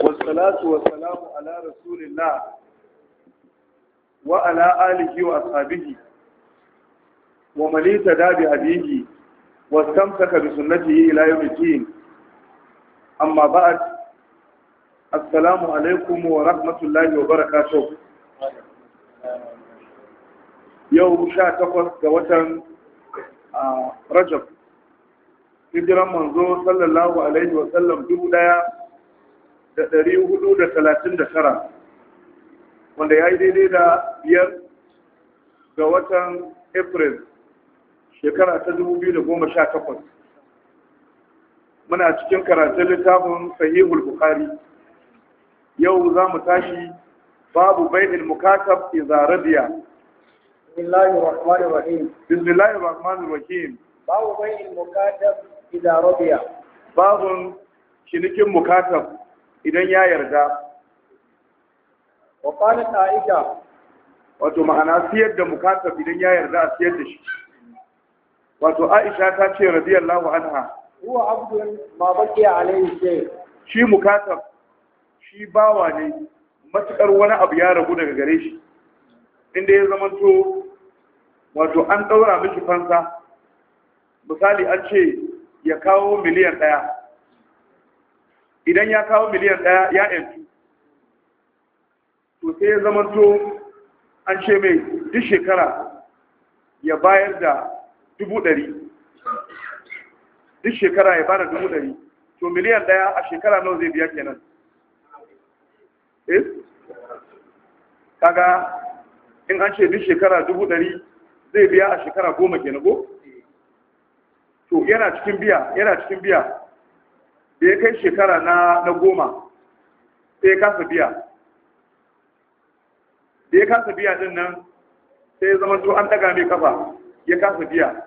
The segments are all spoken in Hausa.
wasalatu wasalamu ala rasulillah wa ala alihi wa ashabihi wa malita dabi hadihi wa samsaka bi sunnatihi ila yawmiddin amma ba'd assalamu alaikum wa rahmatullahi wa barakatuh yau 18 ga watan rajab hijiran manzo sallallahu alaihi wa sallam dubu daya da ɗari hudu da talatin da tara wanda ya yi daidai da biyar ga watan april shekara ta dubu biyu da goma sha takwas muna cikin karatun littafin sahihul bukhari yau za mu tashi babu bai'il mukatab ke radiya bismillahir rahmanir rahim rahim babu bai'il mukatab zara biya. babun cinikin mukatab idan ya yarda wa qala ta'ika wato ma'ana siyar da mukatab idan ya yarda a siyar da shi wato Aisha ta ce radiyallahu anha huwa abdun ma baki alayhi shay shi mukatab shi bawa ne matukar wani abu ya ragu daga gare shi inda ya zamanto wato an daura miki fansa misali an ce ya kawo miliyan daya idan ya kawo miliyan ɗaya ya yantu to sai ya zamanto an ce mai duk shekara ya bayar da dubu ɗari duk shekara ya bada dubu ɗari to miliyan ɗaya a shekara nawa zai biya kenan eh kaga in an ce duk shekara dubu ɗari zai biya a shekara goma kenan go? to yana cikin biya yana cikin biya da ya kai shekara na goma sai ya kasa biya da ya kasa biya din nan sai ya zama to an daga mai kafa ya kasa biya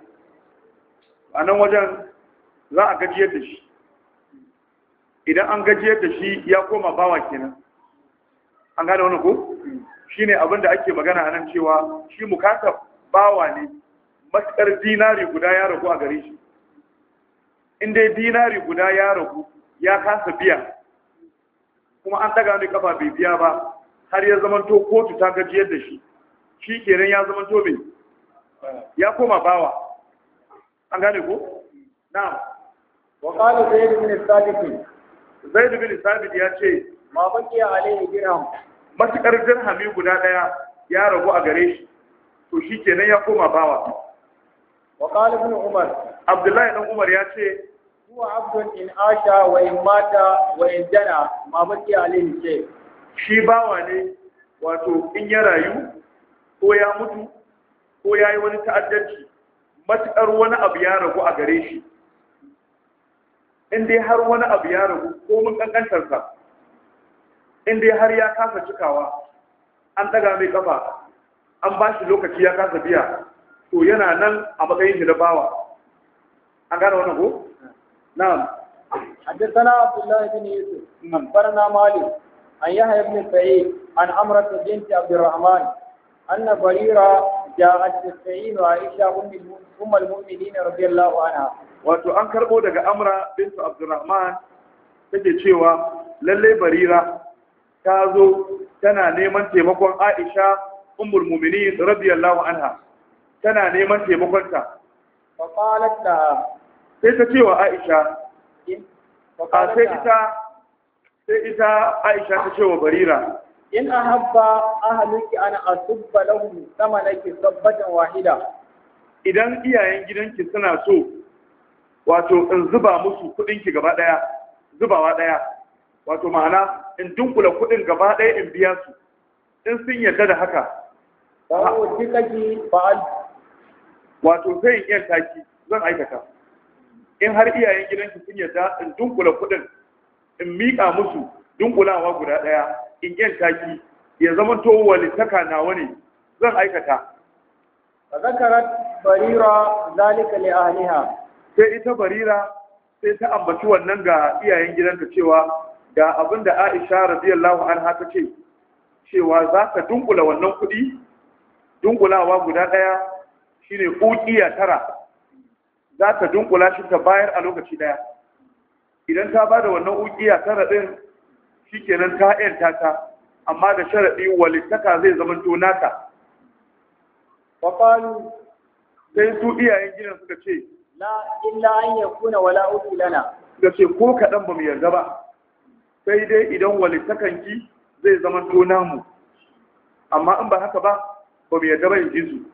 a nan wajen za a gajiyar da shi idan an gajiyar da shi ya koma bawa kenan an gane wani ko shi abin da ake magana a nan cewa shi mukata bawa ne matsar dinari guda ya ragu a gare shi in dai dinari guda ya ragu ya kasa biya kuma an daga mai kafa bai biya ba har ya zamanto kotu ta gajiyar da shi shi kenan ya zamanto mai ya koma bawa an gane ko na'am wa qala zaid bin sabit zaid bin sabit ya ce ma baki alaihi dirham matakar dirhami guda daya ya ragu a gare shi to shi kenan ya koma bawa wa qala ibn umar abdullahi ibn umar ya ce huwa abdun in asha wa in mata wa in jana mamaki alaihi ce shi bawa ne wato in ya rayu ko ya mutu ko ya yi wani ta'addanci matuƙar wani abu ya ragu a gare shi in dai har wani abu ya ragu ko mun kankantarsa in dai har ya kasa cikawa an daga mai kafa an ba shi lokaci ya kasa biya to yana nan a matsayin shi da bawa an gane wannan ko نعم حدثنا عبد الله بن يوسف أخبرنا مالك عن يحيى بن سعيد عن عمرة بنت عبد الرحمن أن بريرة جاءت تستعين عائشة أم المؤمنين رضي الله عنها wato an karbo daga amra bintu abdurrahman take cewa lalle barira ta zo tana neman taimakon aisha ummul mu'minin radiyallahu anha tana neman taimakon ta fa qalat sai ta ce wa aisha a sai ita sai ita aisha ta ce wa barira in ahabba ahaluki ana sama na ke sabbatan wahida idan iyayen gidanki suna so wato in zuba musu kudinki gaba daya zubawa daya wato ma'ana in dunkula kudin gaba daya in biya su in sun yarda da haka ba wato sai in yanka ki zan aikata in har iyayen gidanki sun yarda in dunkula kuɗin in miƙa musu dunkulawa guda ɗaya in yin taki ya zama to walitaka na wani, zan aikata barira zalika ذلك ahliha sai ita barira sai ta ambaci wannan ga iyayen gidanka cewa ga abin da Aisha radiyallahu anha ta ce cewa za ka dunkula wannan kuɗi dunkulawa guda ɗaya shine ƙuƙiya tara za ta dunkula shi ta bayar a lokaci daya idan ta ba da wannan ugiya tara shi kenan ta yanta ta amma da sharadi walittaka zai zama to naka sai su iyayen gidan suka ce la illa an yakuna wala uku lana suka ce ko kaɗan ba mu yarda ba sai dai idan walittakanki zai zama to namu amma in ba haka ba ba mu yarda ba in ji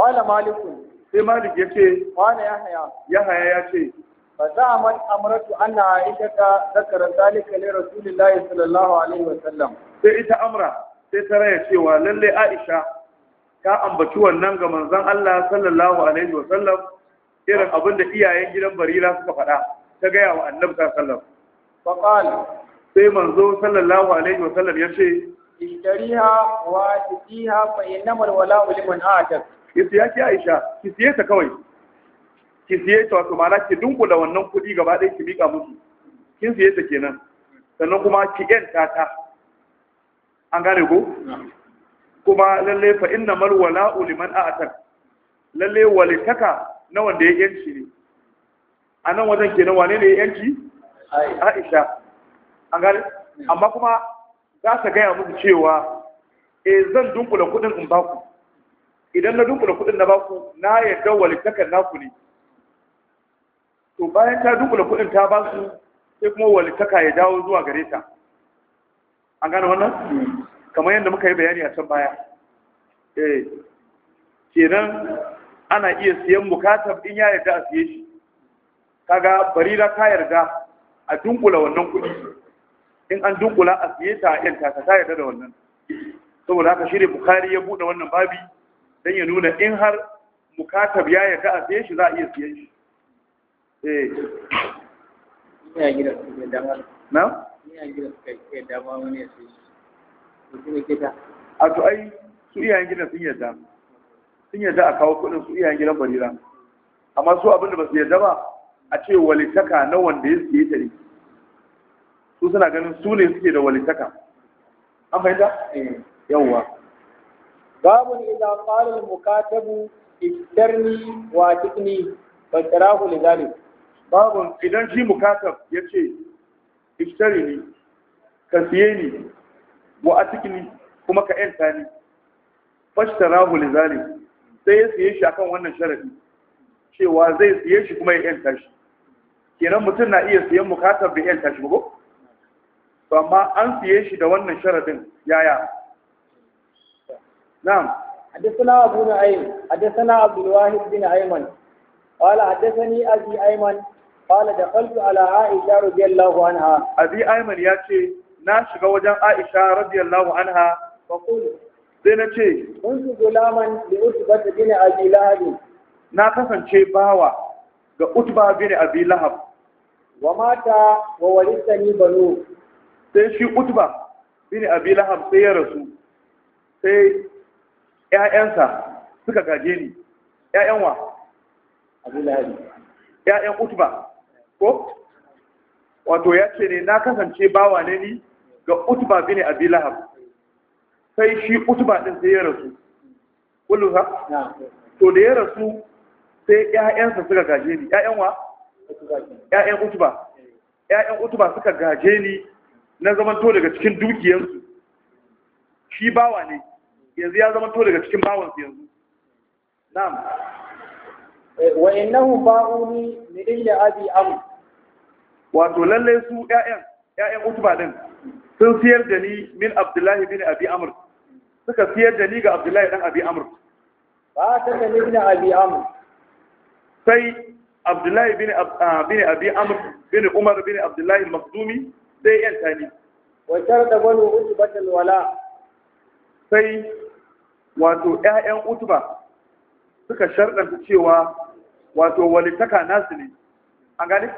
Kwala malikun. Sai malik ya ce. Kwala Yahaya. Yahaya ya ce. Ba za a فزعمت ana ita عائشة ذكرت ذلك لرسول الله sallallahu alaihi wa sallam. sai ita amra sai ta raya cewa lalle Aisha ta ambaci wannan ga manzan Allah sallallahu alaihi wa sallam irin abin da iyayen gidan Barira suka faɗa ta gaya wa Annabi sallallahu fa qala sai manzo sallallahu alaihi wa sallam ya ce ishtariha wa tiha fa innamal wala'u liman atak ya ce ki aisha ki siye ta kawai ki siye ta wato mana ki da wannan kuɗi gaba ɗaya ki miƙa musu kin siye ta kenan sannan kuma ki ƴan ta an gane ko kuma lalle fa inna mal wala'u liman a'tar lalle walitaka na wanda ya yanci ne a nan wajen kenan wane ne ya yanci aisha an gane amma kuma za ta gaya musu cewa eh zan da kuɗin in baku idan na dunkula kuɗin na baku na yadda na naku ne to bayan ta dunkula kuɗin ta ba su sai kuma walittaka ya dawo zuwa gare ta an gane wannan kamar yadda muka yi bayani a can baya eh kenan ana iya siyan bukatar in ya yarda a siye shi kaga barira ta yarda a dunkula wannan kuɗi in an dunkula a siye ta yanta ta yarda da wannan saboda haka shi ne bukari ya buɗe wannan babi don ya nuna in har mukatab ya yarda a siye shi za a iya siye shi eh ina su dama na ina gida su wani ya siye shi a to ai su iyayen gidan sun yarda sun yarda a kawo kudin su iyayen gidan barira amma su abinda ba su yarda ba a ce walitaka na wanda ya siye ta su suna ganin su ne suke da walitaka an fahimta eh. yawwa babun idza qala al mukatabu iftarni wa tikni fa tarahu lidhalik babun idan shi mukatab yace iftari ne, ka siye ni wa atikni kuma ka yanta ni fashtarahu lidhalik sai ya siye shi akan wannan sharadi cewa zai siye shi kuma ya yanta shi kenan mutum na iya siyan mukatab da yanta shi ba ko to amma an siye shi da wannan sharadin yaya نعم حدثنا أبو نعيم حدثنا عبد الواحد بن أيمن قال حدثني أبي أيمن قال دخلت على عائشة رضي الله عنها أبي أيمن ياتي ناشق وجن عائشة رضي الله عنها فقلت sai na ce kuntu gulaman da utba ta bin abi na kasance bawa ga utba bin abi wa mata wa warithani banu sai shi utba bin abi sai ya rasu ya’yansa suka gaje ni Ya'yanwa abu ƴaƴan utba ko wato ya ce ne na kasance bawa ne ni ga bi ne abu lahab sai shi utuba din sai ya rasu kullu ha to da ya rasu sai ya’yansa suka gaje ni ya’yanwa ya’yan ƴaƴan ya’yan ƴaƴan suka gaje ni na zamanto daga cikin dukiyarsu shi bawa ne yanzu ya zama to daga cikin bawansu yanzu na'am eh, wa innahum ba'uni min illa abi am? wato lalle su ƴaƴan ƴaƴan utba din sun siyar da ni min abdullahi bin abi amr suka siyar da ni ga abdullahi dan abi amr ba ta da ibn abi amr sai abdullahi bin ah, bin abi amr bin umar bin abdullahi al-makhzumi sai yan tani wa sharda banu utbatul wala sai wato ƴaƴan utuba suka sharɗanta cewa wato walitaka nasu ne an gani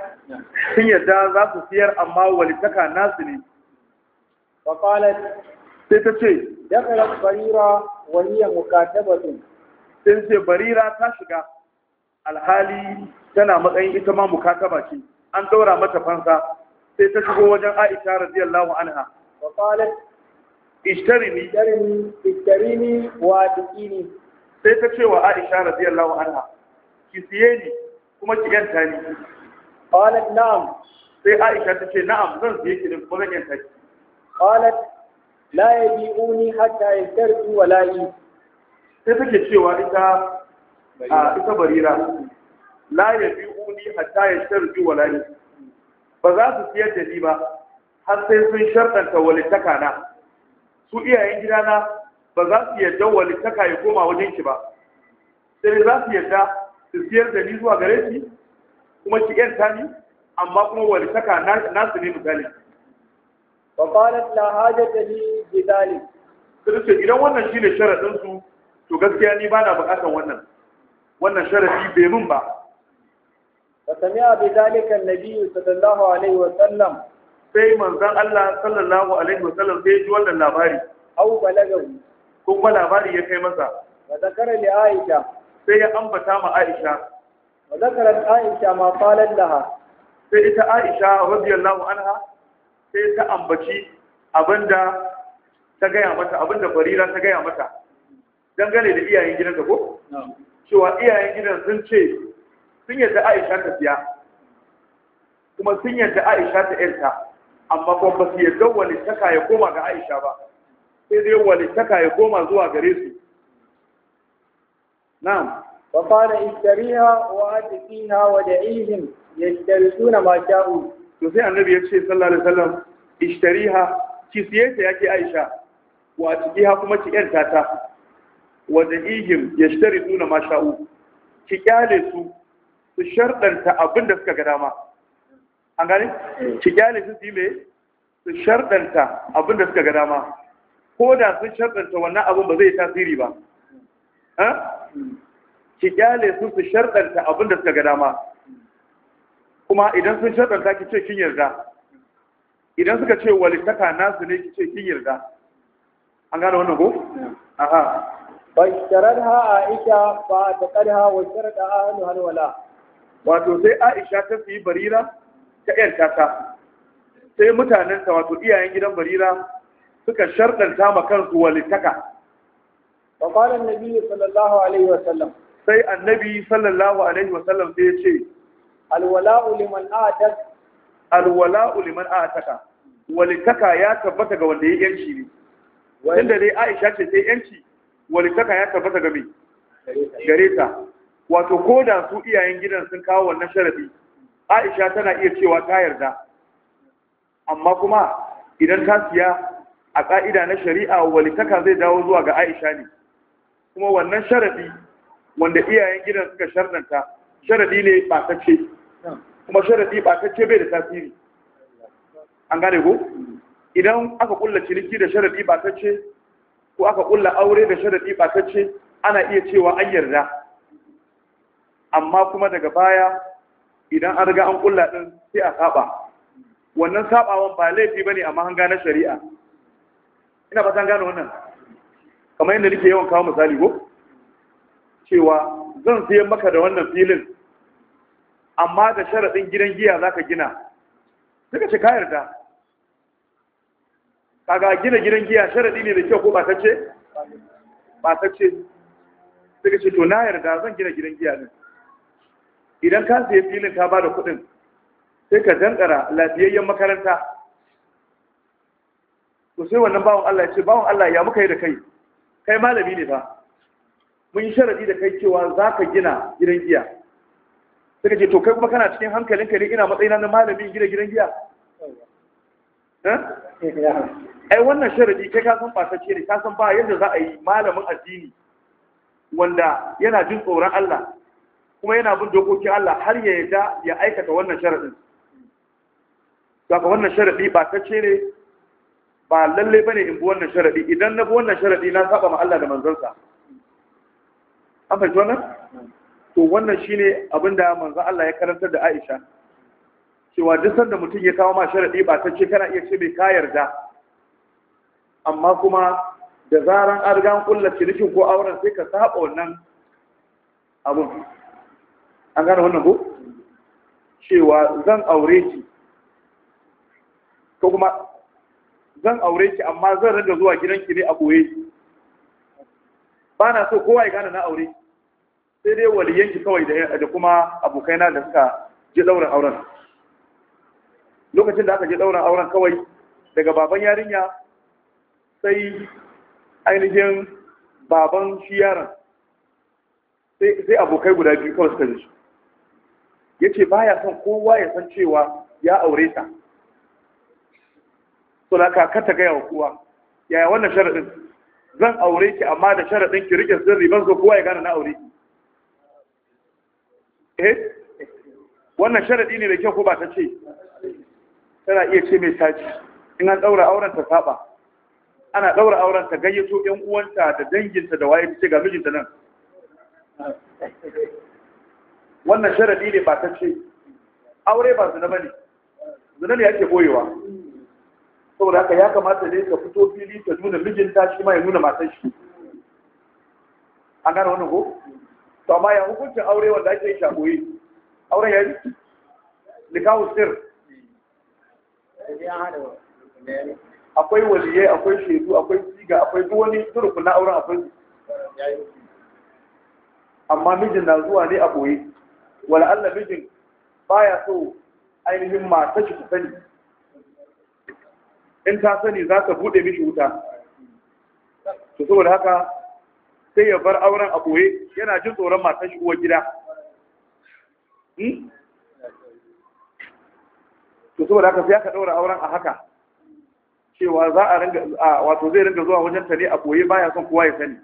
sun yadda za su siyar amma walitaka nasu ne faƙalar sai ta ce dakalar barira waliyar mukatabatun sai ce barira ta shiga alhali tana matsayin ita ma mukataba ce an ɗaura mata fansa sai ta shigo wajen aisha radiyallahu anha qalat ishtarini ishtarini ishtarini wa duqini sai ta ce wa Aisha radiyallahu anha ki siye ni kuma ki yanta ni qalat na'am sai Aisha ta ce na'am zan siye ki kuma zan yanta ki qalat la yabi'uni hatta yastartu wa la yi sai take cewa ita a ita barira la yabi'uni hatta yastartu wa la ba za su siyar da ni ba har sai sun shartanta walittaka na su iyayen gidana ba za su yadda walittaka ya koma wajen ki ba sai za su yadda su siyar da ni zuwa gare shi kuma ki yanta ni amma kuma walittaka na su ne misali wa qalat la hajata li bi dhalik sai ce idan wannan shine sharadin su to gaskiya ni bana bukatar wannan wannan sharadi bai mun ba fa sami bi dhalika an-nabi sallallahu alaihi wa sallam sai manzan Allah sallallahu alaihi wasallam sai ji wannan labari au balagahu ko kuma labari ya kai masa wa zakara li Aisha sai ya ambata ma Aisha wa zakarat Aisha ma qalat laha sai ita Aisha radiyallahu anha sai ta ambaci abinda ta gaya mata abinda Barira ta gaya mata dangane da iyayen gidan ta ko cewa iyayen gidan sun ce sun yadda Aisha ta siya kuma sun yadda Aisha ta yarta amma kuma ba su yarda walittaka ya koma ga aisha ba sai dai walittaka ya koma zuwa gare su na'am wa fara istariha wa atiha wa da'ihim yastaruna ma sha'u to sai annabi ya ce sallallahu alaihi wasallam istariha ki siye ta yake aisha wa atiha kuma ki yanta ta wa da'ihim yastaruna ma sha'u ki kyale su su shardanta abin da suka ga dama an gani? Eh. ki kyale su su mai su shardanta abin da suka ga dama ko da sun shardanta wannan abin ba zai yi tasiri ba ki kyale su su shardanta abin da suka ga dama kuma idan sun shardanta ki ce kin yarda idan suka ce walittaka nasu ne ki ce kin yarda an gane wannan ko hmm. aha a isha ba ta kadha wa sharada ahlu wala. wato sai aisha ta fi barira ta ƴan ta sai mutanen ta wato iyayen gidan barira suka ta ma kansu walittaka fa qala annabi sallallahu alaihi wa sallam sai annabi sallallahu alaihi wa sallam sai ya ce alwala'u liman a'tak alwala'u liman a'taka walittaka ya tabbata ga wanda ya yanci ne Tunda dai Aisha ce sai yanci walittaka ya tabbata ga me Gareta. wato ko da su iyayen gidan sun kawo wannan sharafi aisha tana iya cewa ta yarda amma kuma idan ta siya a ƙa'ida na shari'a walitaka zai dawo zuwa ga aisha ne kuma wannan sharadi wanda iyayen gidan suka sharɗanta sharadi ne ɓatacce kuma sharadi ɓatacce bai da tasiri an gane ko idan aka kulla ciniki da sharadi ɓatacce ko aka kulla aure da sharadi ɓatacce ana iya cewa an yarda amma kuma daga baya idan an riga an kulla din sai a saba wannan sabawan ba laifi bane amma an gane shari'a ina fatan gane wannan kamar yadda nake yawan kawo misali ko cewa zan siyan maka da wannan filin amma da sharaɗin gidan giya zaka gina suka ce ka yarda kaga gina gidan giya sharaɗi ne da kyau ko ba ta ce ba ta ce suka ce to na yarda zan gina gidan giya din idan ka sayi filin ka ba da kuɗin sai ka dankara lafiyayyen makaranta to sai wannan bawan Allah ya ce bawan Allah ya muka yi da kai kai malami ne fa mun yi sharadi da kai cewa za ka gina gidan giya ka ce to kai kuma kana cikin hankalinka ne ina matsayina na malamin gina gidan giya ai wannan sharadi kai ka san ce ne ka san ba yadda za a yi malamin addini wanda yana jin tsoron Allah kuma yana bin dokokin Allah har ya yarda ya aikata wannan sharadin saka wannan sharadi ba ta ce ne ba lalle bane in bi wannan sharadi idan na bi wannan sharadi na saba ma Allah da manzansa an fahimci wannan to wannan shine abinda manzon Allah ya karantar da Aisha cewa duk sanda mutum ya kawo ma sharadi ba ta ce kana iya ce mai ka yarda amma kuma da zaran an riga an kullace rikin ko auren sai ka saba wannan abun an gane wannan ko cewa zan aure ki ko kuma zan aure ki amma zan rage zuwa gidanki ne a koye ba na so kowa ya gane na aure sai dai waliyanki kawai da kuma abokaina da suka je ɗaurin auren lokacin da aka je ɗaurin auren kawai daga baban yarinya sai ainihin baban shi yaron sai abokai guda biyu kawai suka ji yace baya son kowa ya san cewa ya aure ta to da ka kata ga kowa yaya wannan sharadin zan aure ki amma da sharadin ki rike sirri ban so kowa ya gane na aure ki eh wannan sharadi ne da kyau ko ba ta ce tana iya ce mai taji in an daura auren ta saba ana daura auren ta gayyato yan uwanta da danginta da waye ta ga mijinta nan wannan sharadi ne ba ta ce aure ba zina bane zina ne yake boyewa saboda haka ya kamata ne ka fito fili ka nuna mijinta shi ma ya nuna matan shi an gane wannan ko to amma ya hukuncin aure wanda ake yi shagoyi auren ya yi nikahu sir akwai waliyai akwai shaidu akwai siga akwai duk wani turku na auren akwai amma mijin na zuwa ne a boye wala Allah ba ya so ainihin mata shi ta sani in ta sani za ta bude mishi wuta to saboda haka sai ya bar auren a ɓoye yana jin tsoron mata shi uwa gida hmm? to saboda haka sai aka daura auren a haka cewa za a ringa wato zai ringa zuwa wajen ta ne a ba baya son kowa ya sani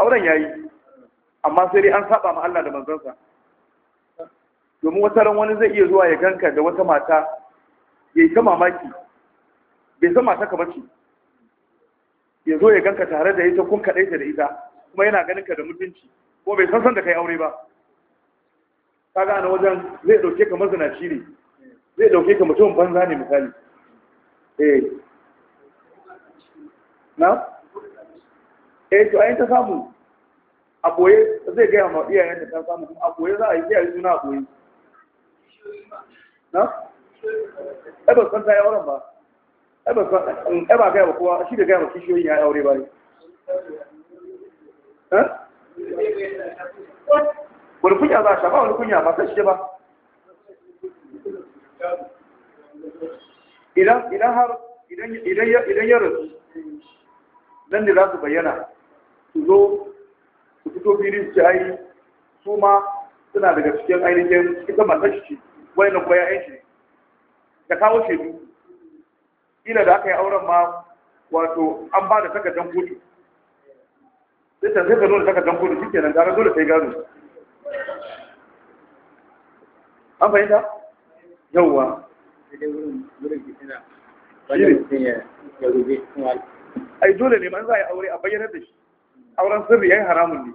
auren yayi amma sai dai an saba ma Allah da manzansa domin wata ran wani zai iya zuwa ya ganka da wata mata ya yi ta mamaki bai zama mata ka ce. ya zo ya ganka tare da ita kun kaɗai ta da ita kuma yana ganin ka da mutunci ko bai san san da kai aure ba ka gane wajen zai ɗauke ka mazinaci ne zai ɗauke ka mutum banza ne misali eh na eh to ayin ta samu a zai gaya ma iyayen da ta samu kuma a za a yi suna a na ɗaba san ta yi auren ba ɗaba mm, kowa shi da gaya kishiyoyin ya aure ba ne wani kunya za a sha ba wani kunya ba kashe ba idan har idan nan da za su bayyana su zo su fito filin su ai su ma suna daga cikin ainihin ita matashi wani kuma kwaya shi da kawo shaidu Ina da aka yi auren ma wato an ba da takardar kotu sai ta sai ka zo da takardar kotu shi kenan gara dole sai gano. an fahimta A ai dole ne ba za a yi aure a bayyanar da shi auren sirri ya yi haramun ne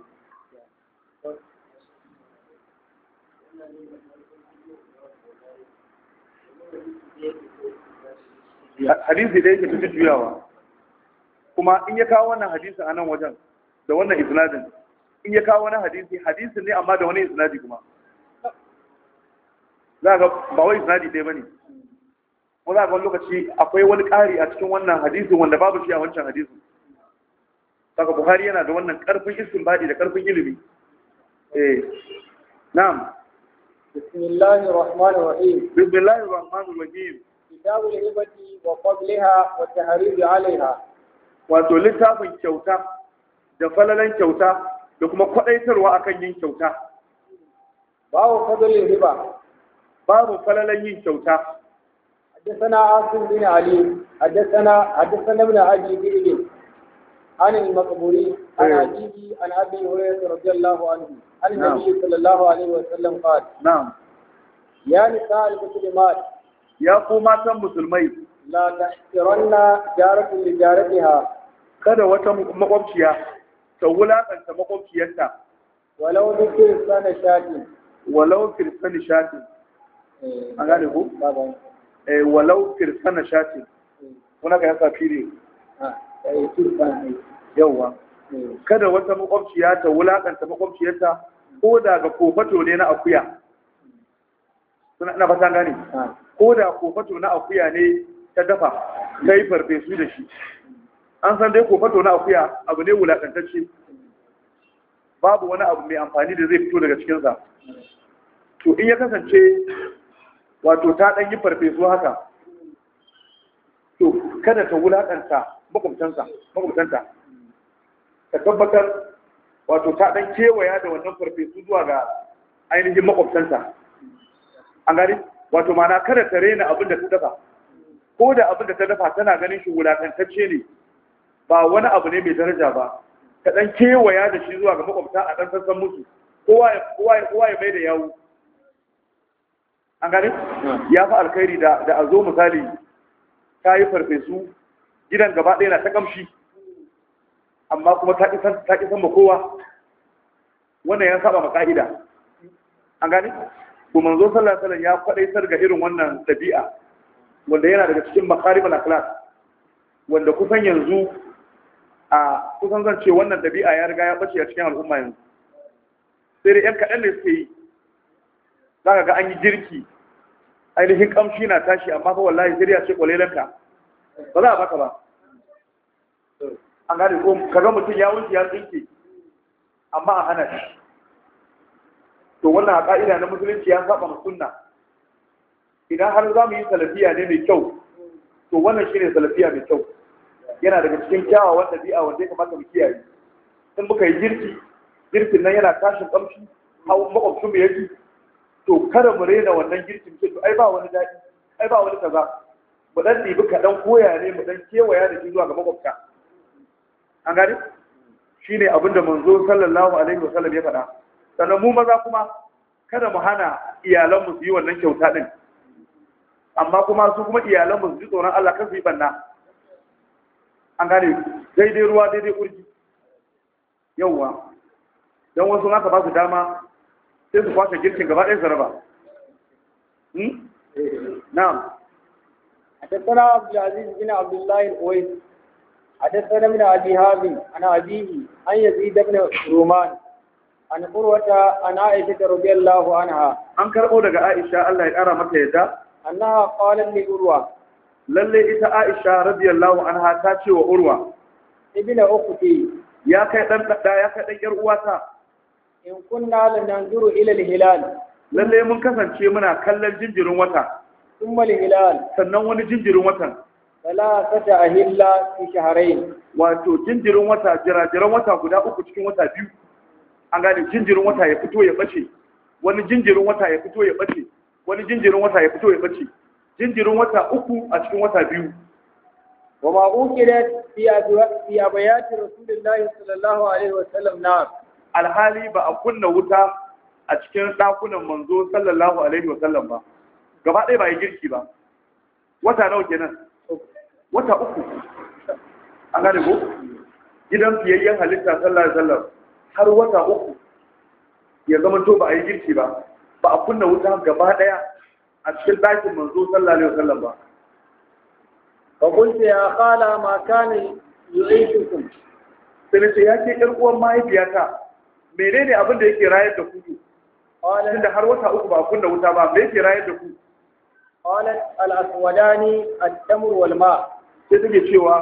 hadisi da yake tafi juyawa kuma in ya kawo wannan hadisi a nan wajen da wannan isnadin in ya kawo wani hadisi hadisi ne amma da wani isnadi kuma za ga ba wai isnadi ɗaya bane kuma za ga wani lokaci akwai wani ƙari a cikin wannan hadisi wanda babu shi a wancan hadisin saka buhari yana da wannan ƙarfin istinbadi da ƙarfin ilimi eh na'am bismillahir rahmanir rahim bismillahir rahmanir rahim kitabu al-ibati wa qablaha wa alaiha wato littafin kyauta da falalan kyauta da kuma kwadaitarwa akan yin kyauta babu fadlul riba babu falalan yin kyauta حدثنا عاصم بن علي حدثنا حدثنا ابن ابي بئر عن المقبوري عن ابيه عن ابي هريره رضي الله عنه عن النبي صلى الله عليه وسلم قال نعم يا نساء المسلمات ya ko matan musulmai la tahqiranna jaratun li jaratiha kada wata makwabciya ta wulakanta makwabciyarta walau bi kirsani shati walau kirsan shati eh, an gane ku eh walau kirsan shati eh. kuna ga yasa fire ah, eh kirsan yawa eh. kada wata makwabciya ta wulakanta makwabciyarta ko daga kofato ne na akuya suna ina fata ah. ko da kofato na akuya ne ta dafa ta yi farfesu da shi an san dai kofato na akuya abu ne wulaƙantacce babu wani abu mai amfani da zai fito daga cikinsa to in ya kasance wato ta ɗan yi farfesu haka to kada ta wulaƙanta makwabtanta ta tabbatar wato ta ɗan kewaya da wannan farfesu zuwa ga ainihin makwabtanta an gani wato mana kada ta rena abin da ta dafa ko da abin da ta dafa tana ganin shi wulakantacce ne ba wani abu ne mai daraja ba ka dan kewaya da shi zuwa ga makwabta a ɗan sassan musu kowa ya mai da yawu. an gani hmm. ya fi alkhairi da da a zo misali ta yi farfesu gidan gaba ɗaya na ta kamshi amma kuma ta isan ta isan ma kowa wannan ya saba ma ka'ida an gani to manzo sallallahu alaihi wasallam ya kwadaitar ga irin wannan dabi'a wanda yana daga cikin al akhlaq wanda kusan yanzu a kusan zan ce wannan dabi'a ya riga ya bace a cikin al'umma yanzu sai dai yan kaɗan ne suke yi za ka ga an yi girki ainihin kamshi na tashi amma fa wallahi sai dai ce kwalelanka ba za a baka ba an gane ko kaga mutum ya wuce ya tsinke amma a hana shi to wannan a ƙa'ida na musulunci ya saba ma sunna idan har za mu yi salafiya ne mai kyau to wannan shi ne salafiya mai kyau yana daga cikin kyawawan ɗabi'a wanda ya kamata mu kiyaye in muka yi girki girkin nan yana tashin ƙamshi a makwabcin mu yaji to kada mu rena wannan girkin ce to ai ba wani daɗi ai ba wani kaza mu dan ɗibi kaɗan koya ne mu dan kewaya da shi zuwa ga makwabta an gani Shi shine abinda manzo sallallahu alaihi wasallam ya faɗa sannan mu maza kuma kada mu hana iyalanmu su yi wannan kyauta din amma kuma su kuma iyalanmu su ji tsoron Allah kan su yi banna an gane daidai ruwa daidai kurji yawwa don wasu naka ba su dama sai su kwashe girkin gaba ɗaya zaraba hmm? na'am حدثنا عبد العزيز بن عبد الله الأويس حدثنا من أبي هازم عن أبيه عن يزيد بن رومان an urwata an aisha radiyallahu anha an karbo daga aisha Allah ya kara mata yadda annaha qalat li urwa lalle ita aisha radiyallahu anha ta ce wa urwa ibina ukhti ya kai dan da ya kai dan yar uwata in kunna lananzuru ila hilal lalle mun kasance muna kallon jinjirin wata thumma hilal sannan wani jinjirin watan fala kata ahilla fi shahrayn wato jinjirin wata jira, jirajiran wata guda uku cikin wata biyu an gane jinjirin wata ya fito ya bace wani jinjirin wata ya fito ya bace wani jinjirin wata ya fito ya bace jinjirin wata uku a cikin wata biyu wa ma ukira fi abayati rasulullahi sallallahu alaihi wa sallam na alhali ba a kunna wuta a cikin dakunan manzo sallallahu alaihi wa sallam ba gaba ɗaya ba yi girki ba wata nawa kenan wata uku an gane ko gidan fiyayyen halitta sallallahu alaihi wa sallam har wata uku ya zama to ba a yi girki ba ba a kunna wuta gaba daya a cikin ɗakin manzo sallallahu alaihi wasallam ba fa kunti ya qala ma kana yu'ishukum sai ce ya ce ɗan uwan mahaifiyata menene abin da yake rayar da ku tunda har wata uku ba kunna wuta ba me yake rayar da ku qalat al aswadani at-tamr wal ma sai take cewa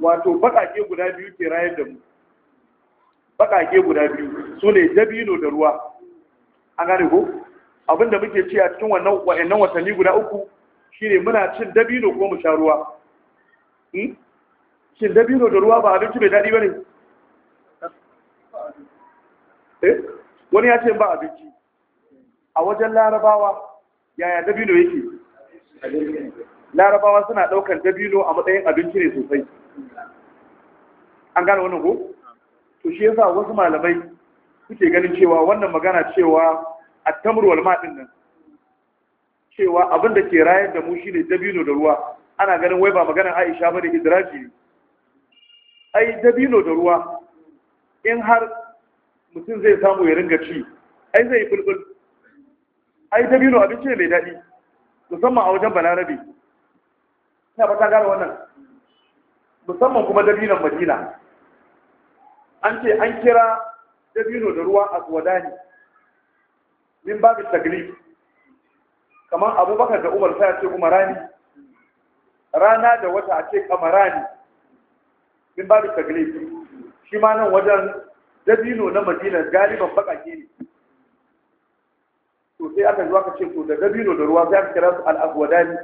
wato bakake guda biyu ke rayar da mu bakake guda biyu su ne dabino da ruwa an gane ko abinda muke ci a cikin wannan wa'annan watanni guda uku shine muna cin dabino ko mu sha ruwa cin hmm? dabino da ruwa ba abinci mai daɗi ba ne eh? wani ya ce ba abinci a wajen larabawa yaya dabino yake larabawa suna daukar dabino a matsayin abinci ne sosai an gane wannan ko to shi yasa wasu malamai suke ganin cewa wannan magana cewa at-tamr wal ma din nan cewa abin da ke rayar da mu shine dabino da ruwa ana ganin wai ba maganar Aisha bane idraji ne ai dabino da ruwa in har mutum zai samu ya ringa ci ai zai bulbul ai dabino abinci ne mai daɗi musamman a wajen balarabe ina ba ta gara wannan musamman kuma dabinon madina an ce an kira dabino da ruwa a tsuwadani min babu taglif kamar abubakar da umar sai ce rani rana da wata a ce kamarani min babu taglif shi ma nan wajen dabino na madina galiban bakake ne to sai aka zuwa ka ce to da dabino da ruwa sai aka kira su al'agwadani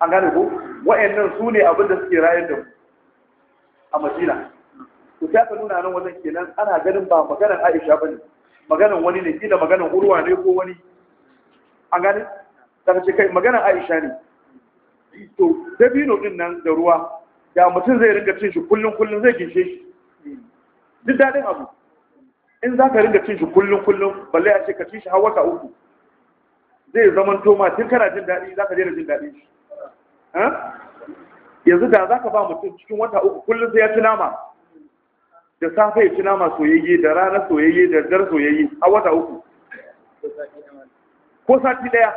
an gane ko wa'annan su ne abin da suke rayar da mu a madina Ku ta ka nuna nan wajen kenan ana ganin ba maganar Aisha bane maganar wani ne kila maganar Urwa ne ko wani an gane daga ce kai maganar Aisha ne to dabino din nan da ruwa da mutum zai ringa cin shi kullun kullun zai gishe shi duk dadin abu in za ka ringa cin shi kullun kullun balle a ce ka ci shi har wata uku zai zama toma tun kana jin daɗi za ka daina jin daɗin shi yanzu da za ka ba mutum cikin wata uku kullum sai ya ci nama da safe ya ci nama soyayye da rana soyayye da dar soyayye a wata uku ko sati daya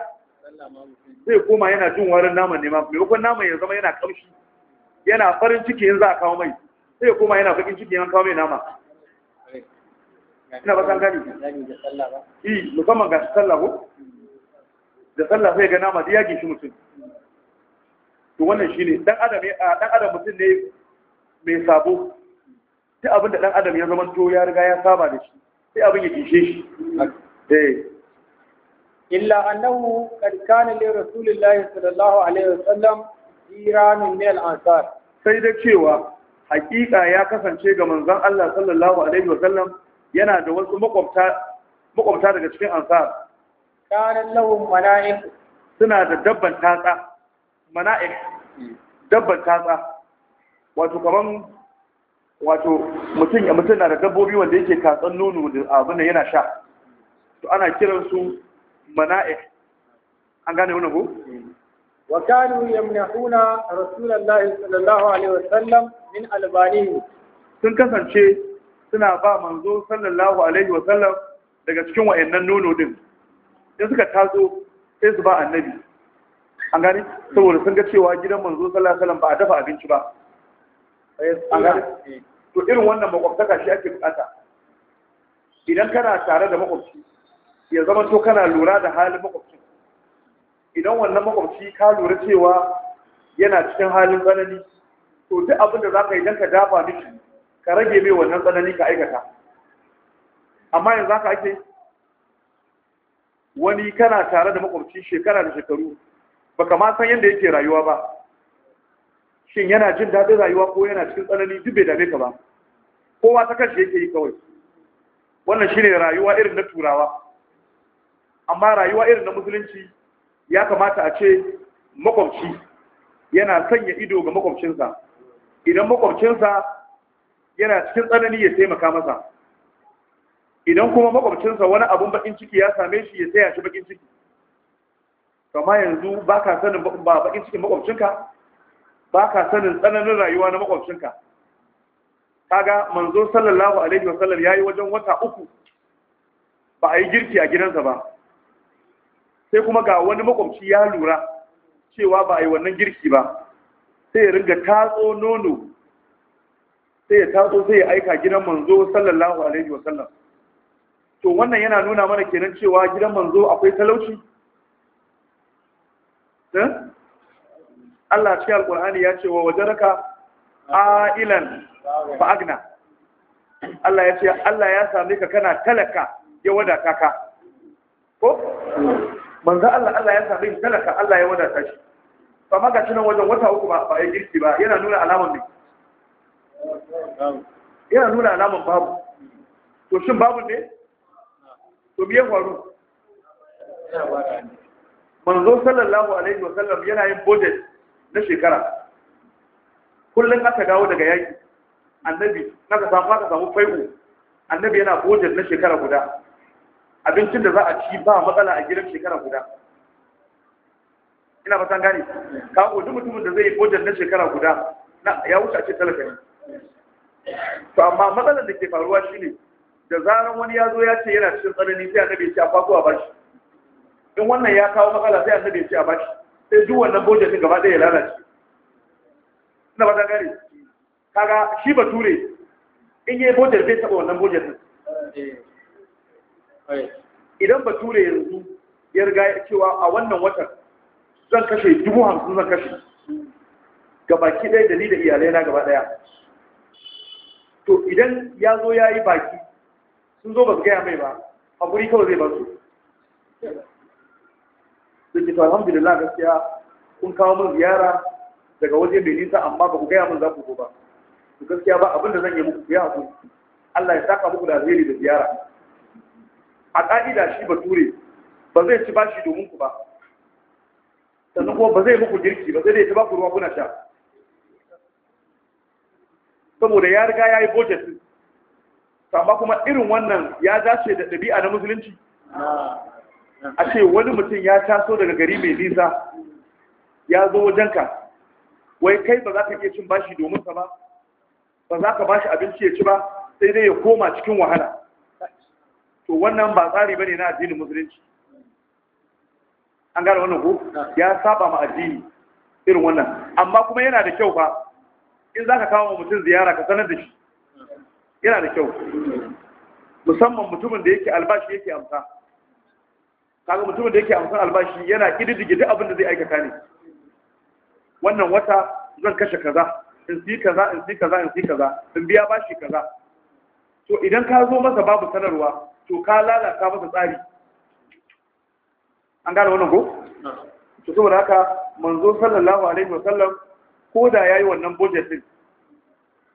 zai koma yana jin warin naman ne ma maimakon naman ya zama yana kaushi yana farin ciki yin za a kawo mai sai koma yana bakin ciki yin kawo mai nama ina ba san gani yi musamman ga sallah ko da sallah sai ga nama ya gishi mutum to wannan shine dan adam dan adam mutum ne mai sabo sai abin da ɗan adam ya zama to ya riga ya saba da shi sai abin ya kishe shi eh. illa annahu qad kana li rasulillahi sallallahu alaihi wasallam jiranun min al-ansar sai da cewa hakika ya kasance ga manzon Allah sallallahu alaihi wasallam yana da wasu makwabta makwabta daga cikin ansar kana lahum mana'ik suna da dabban tatsa mana'ik dabban tatsa wato kaman wato mutum ya mutum na da dabbobi wanda yake katsan nono da abin da yana sha to ana kiransu mana'i an gane wannan ko wa kanu yamnahuna rasulullahi sallallahu alaihi wasallam min albanihi sun kasance suna ba manzo sallallahu alaihi wasallam daga cikin wayannan nono din da suka tazo sai su ba annabi an gane saboda sun ga cewa gidan manzo sallallahu alaihi wasallam ba a dafa abinci ba to irin wannan makwabtaka shi ake bukata idan kana tare da makwabci ya zama to kana lura da halin makwabcin idan wannan makwabci ka lura cewa yana cikin halin tsanani to duk abin da za ka yi don ka dafa mishi ka rage mai wannan tsanani ka aikata amma yanzu haka ake wani kana tare da makwabci shekara da shekaru baka ma san yadda yake rayuwa ba shin yana jin daɗin rayuwa ko yana cikin tsanani duk bai dame ka ba kowa ta kanshi yake yi kawai wannan shine rayuwa irin na turawa amma rayuwa irin na musulunci ya kamata a ce makwabci yana sanya ido ga makwabcinsa idan makwabcinsa yana cikin tsanani ya taimaka masa idan kuma makwabcinsa wani abun bakin ciki ya same shi ya taya shi bakin ciki kama yanzu ba ka sanin ba bakin cikin makwabcinka ba ka sanin tsananin rayuwa na makwabcinka kaga manzo sallallahu alaihi wasallam yayi wajen wata uku ba a yi girki a gidansa ba sai kuma ga wani makwabci ya lura cewa ba a yi wannan girki ba sai ya ringa tatso nono sai ya tatso sai ya aika gidan manzo sallallahu alaihi wasallam to wannan yana nuna mana kenan cewa gidan manzo akwai talauci eh? Allah cikin alkur'ani ya ce wa wajaraka ailan fa agna Allah ya ce Allah ya same ka kana talaka ya wadata ka ko manzo Allah Allah ya same ka talaka Allah ya wadata shi ba maka cinan wajen wata uku ba ya girki ba yana nuna alaman ne yana nuna alaman babu to shin babu ne to biye faru manzo sallallahu alaihi wasallam yana yin budget na shekara kullum aka dawo daga yaki annabi aka samu aka samu fai'u annabi yana bojar na shekara guda abincin da za a ci ba matsala a gidan shekara guda ina fatan gane ka duk mutumin da zai bojar na shekara guda na ya wuce a ce talaka ne to amma matsalar da ke faruwa shine da zaran wani ya zo ya ce yana cikin tsanani sai annabi ya ce a fako a bashi in wannan ya kawo matsala sai annabi ya ce a bashi sai duk wannan budget gaba ɗaya ya lalace ina ba ta gare. kaga shi ba ture, in yi budget zai taɓa wannan budget eh, eh. Idan idan ture yanzu ya riga cewa a wannan watan zan kashe dubu hamsin zan kashe baki ɗaya da ni da iyalai na gaba ɗaya to idan ya zo ya yi baki sun zo ba su gaya mai ba haƙuri kawai zai ba su sai to alhamdulillah gaskiya kun kawo min ziyara daga waje mai nisa amma ba ku gaya min za ku zo ba to gaskiya ba abin da zan yi muku ya ku Allah ya saka muku da alheri da ziyara a ka'ida shi bature ba zai ci bashi domin ku ba sannan kuma ba zai muku girki ba zai dai ci ba ku ruwa kuna sha saboda ya riga ya yi budget amma kuma irin wannan ya dace da ɗabi'a na musulunci a ce wani mutum ya taso daga gari mai nisa ya zo wajenka wai kai ba za ka iya cin bashi domin ka ba ba za ka bashi abinci ya ci ba sai dai ya koma cikin wahala to wannan ba tsari bane na addinin musulunci an gane wannan ko ya saba ma addini irin wannan amma kuma yana da kyau ba in za ka kawo mutum ziyara ka sanar da shi yana da kyau musamman mutumin da yake albashi yake amsa kaga mutumin da yake amsan albashi yana kididdige duk abin da zai aikata ne wannan wata zan kashe kaza in si kaza in si kaza in si kaza in biya bashi kaza to idan ka zo masa babu sanarwa to ka lalata masa tsari an gane wannan ko to saboda haka manzo sallallahu alaihi wa sallam ko da yayi wannan budget din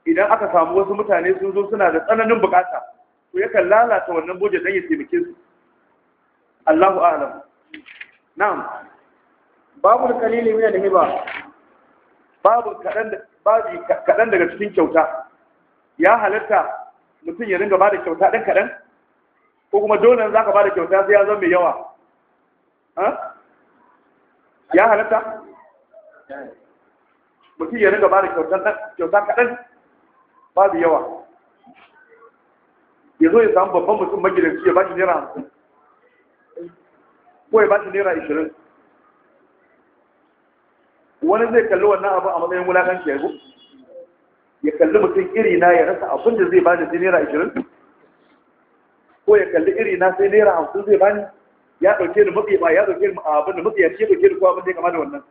idan aka samu wasu mutane sun zo suna da tsananin bukata to yakan lalata wannan budget dan ya taimake su Allahu a'lam na'am babu kalili min al-hiba babu kadan babu kadan daga cikin kyauta ya halatta mutum ya ringa bada kyauta dan kadan ko kuma dole za ka bada kyauta sai ya zama mai yawa ya halatta mutum ya ringa bada kyauta kadan babu yawa ya zo ya samu babban mutum magidanci ya ba shi naira hamsin kawai ba shi naira ishirin wani zai kalli wannan abu a matsayin wulakanci ya ya kalli mutum iri na ya rasa abin da zai bani sai naira ishirin ko ya kalli iri na sai naira hamsin zai bani ya ɗauke ni mafi ba ya ɗauke ni abin da mafi ya ce ɗauke ni ko abin da ya kama da wannan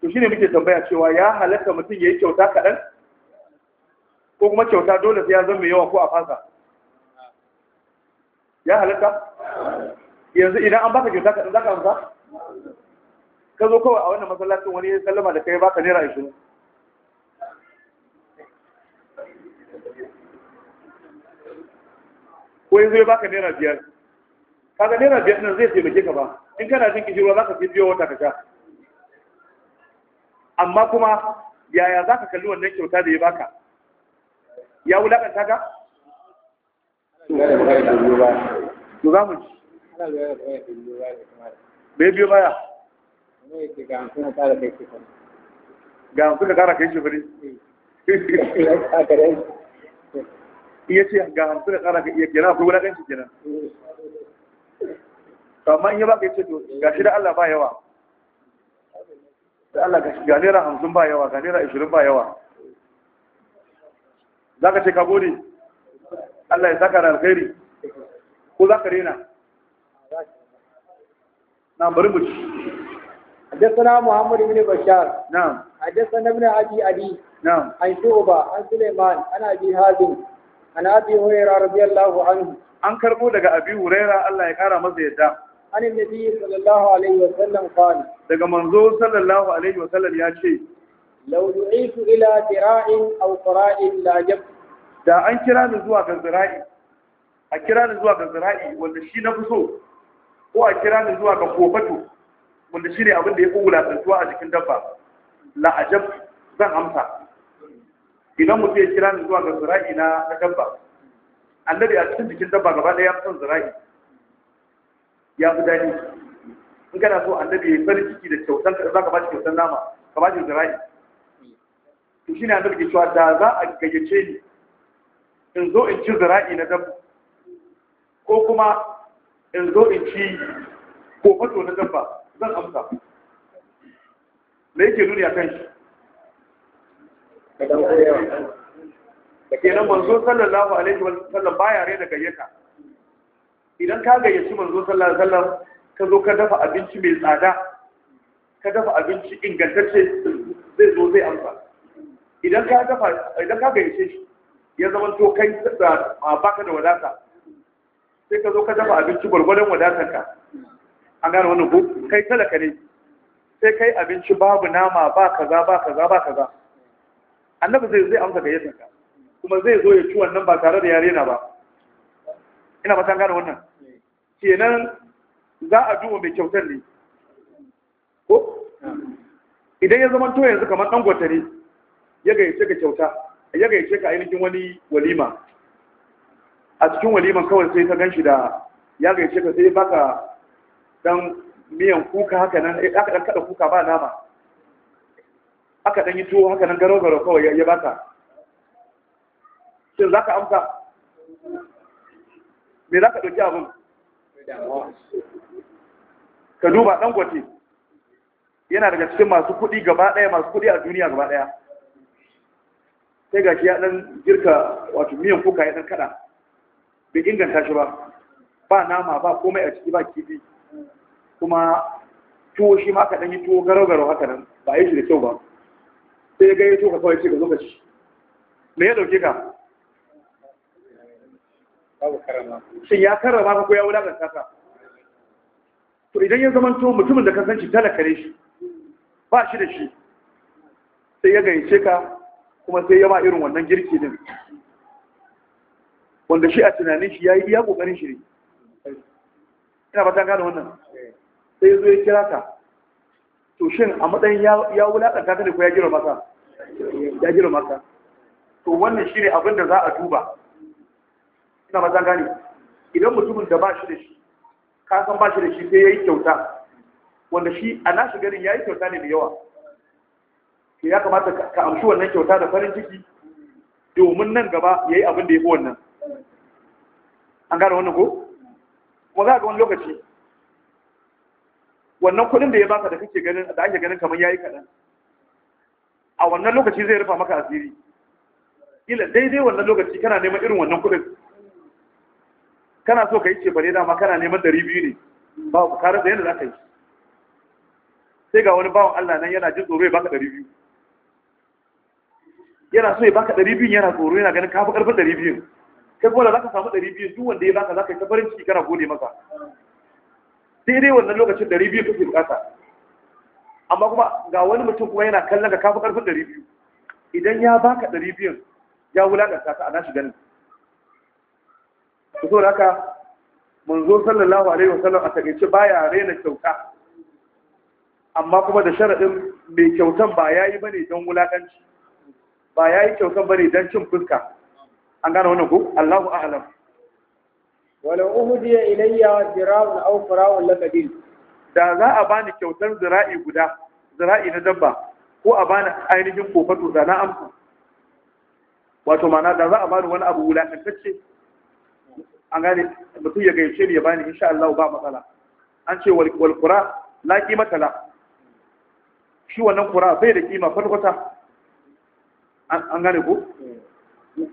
to shine muke tambaya cewa ya halatta mutum ya yi kyauta kaɗan ko kuma kyauta dole sai ya zama mai yawa ko a fasa ya halatta yanzu idan an baka kyauta kaɗan za ka amsa ka zo kawai a wannan masallacin wani ya sallama da kai baka naira ishirin ko yanzu ya baka naira biyar kaga naira biyar nan zai taimake ka ba in kana jin kishirwa za ka fi biyo wata ka sha amma kuma yaya za ka kalli wannan kyauta da ya baka ya wulakanta ka? to za mu ci. bai biyo baya ga hamsin ka kara kai eh. shifiri iya ce ga hamsin ka kara kai kenan akwai wulaƙanci kenan amma in yi baka yace to ga shi da Allah ba yawa da Allah ga naira hamsin ba yawa ga naira ishirin ba yawa za ka ce ka gode Allah ya saka da alkhairi ko za ka rena نعم برمج حدثنا محمد بن بشار نعم حدثنا ابن ابي ابي نعم عن شعبة عن سليمان عن ابي هازم عن ابي هريرة رضي الله عنه an karbo daga abi huraira Allah ya kara masa yadda an nabi sallallahu alaihi wa sallam qala daga manzo sallallahu alaihi wa sallam ya ce law du'itu ila dira'in aw qara'in la da an kira ni zuwa ga wanda shi na so ko a kira ni zuwa ga kofato wanda shi ne abin da ya fi wulatantuwa a jikin dabba la'ajab zan amsa idan mutum ya kira ni zuwa ga zira'i na dabba annabi a cikin jikin dabba gaba ɗaya ya fi son zira'i ya fi daɗi in kana so annabi ya fari ciki da kyautan ka za ka ba shi kyautan nama ka ba shi zira'i to shine annabi ke cewa da za a gayyace ni in zo in ci zira'i na dabba ko kuma in zo in ci ko fato na dabba zan amsa da yake nuni a kan shi da ke nan manzo sallallahu alaihi wa sallam yare rena gayyata idan ka gayyaci manzo sallallahu alaihi wa sallam ka zo ka dafa abinci mai tsada ka dafa abinci ingantacce zai zo zai amsa idan ka dafa idan ka gayyace shi ya zama to kai da ah, baka da wadata sai ka zo ka dafa abinci gwargwadon wadatanka. an gane wannan ko kai talaka ne sai kai abinci babu nama ba kaza ba kaza ba kaza annabi zai zai amsa gayyatar ka kuma zai zo ya ci wannan ba tare da yare na ba ina ba gane wannan kenan za a duba mai kyautar ne ko idan ya zama to yanzu kamar dan gwatare ya gayyace ka kyauta ya gayyace ka ainihin wani walima a cikin waliman kawai sai ta gan shi da ya gaice ka sai baka dan miyan kuka haka nan eh, aka dan kada kuka ba nama aka dan yi tuwo haka nan garo garo kawai ya baka shin zaka amsa me zaka doki abun? ka duba dan gwate yana daga cikin masu kuɗi gaba ɗaya masu kuɗi a duniya gaba ɗaya sai shi ya dan girka wato miyan kuka ya dan kada bai inganta shi ba ba nama ba komai a ciki ba kifi kuma tuwo shi ma ka ɗanyi tuwo garo-garo haka nan ba a yi shi da kyau ba sai ga ya to ka kawai ce ga zo me ya dauke ka shin ya karrama ka ko ya wulakanta ka to idan ya zama to mutumin da ka san shi talaka ne shi ba shi da shi sai ya gayyace ka kuma sai ya ba irin wannan girki din wanda shi a tunanin shi ya yi iya ƙoƙarin shi ne ina ba ta gane wannan sai ya zo ya kira ka to shin a matsayin ya wulaƙanta ka ne ko ya girma maka ya girma masa to wannan shi ne abinda za a duba ina ba ta gane idan mutumin da ba shi da shi ka san ba shi da shi sai ya yi kyauta wanda shi a nashi ganin ya yi kyauta ne da yawa ya kamata ka amshi wannan kyauta da farin ciki domin nan gaba ya yi abin da ya fi wannan an gane wannan ko kuma za a ga wani lokaci wannan kuɗin da ya baka da kake ganin da ake ganin kamar yayi kaɗan a wannan lokaci zai rufa maka asiri ila daidai wannan lokaci kana neman irin wannan kuɗin kana so ka yi ce bare dama kana neman ɗari biyu ne ba ku kare da yadda za ka yi sai ga wani bawan Allah nan yana jin tsoro ya baka ɗari biyu yana so ya baka ɗari biyu yana tsoro yana ganin kafin ƙarfin ɗari biyu kai kuma za ka samu ɗari biyu duk wanda ya baka za ka yi ta farin ciki kana gode sai dai wannan lokacin ɗari biyu kake bukata amma kuma ga wani mutum kuma yana kallon ka kafa karfin ɗari biyu idan ya baka ɗari biyun ya wulaƙanta ka a nashi ganin ku so haka mun zo sallallahu alaihi wa sallam a takaice baya raina kyauta amma kuma da sharaɗin mai kyautan ba ya yi bane don wulaƙanci ba ya yi kyautan bane don cin fuska an gane wani ku Allahu a'lam walau uhdiya ilayya dira'un aw fara'un lakadin da za a bani kyautar zira'i guda zira'i na dabba ko a bani ainihin kofato da na amsa wato mana da za a bani wani abu wulakantacce an gane mutum ya gayyace ni ya bani insha Allah ba matsala an ce wal qura la qimata la shi wannan qura bai da kima kwata an gane ko